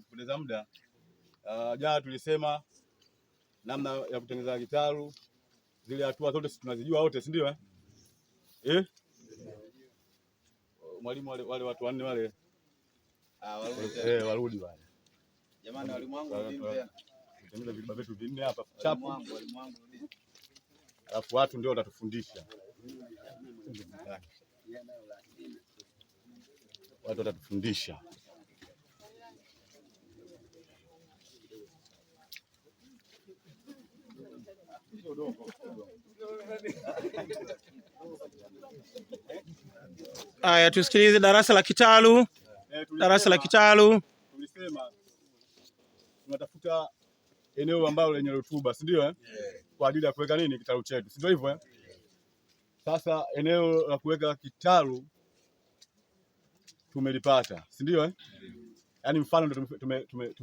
kupoteza muda uh, jana tulisema namna ya kutengeneza kitalu, zile hatua zote tunazijua wote, si ndio eh? Eh? Mwalimu wale, wale watu wanne wale ah, warudi eh, bwana. Jamani walimu wangu rudini tena. Tutengeneza vibaba vyetu vinne hapa chapu. Walimu wangu rudini. Alafu watu ndio watatufundisha. Watu watatufundisha. Haya, tusikilize darasa la kitalu. Darasa la kitalu tulisema tunatafuta eneo ambalo lenye rutuba, si ndio eh? Kwa ajili ya kuweka nini kitalu chetu, si ndio hivyo eh? Sasa eneo la kuweka kitalu tumelipata, si ndio eh? Yaani mfano ndio tume, tume, tume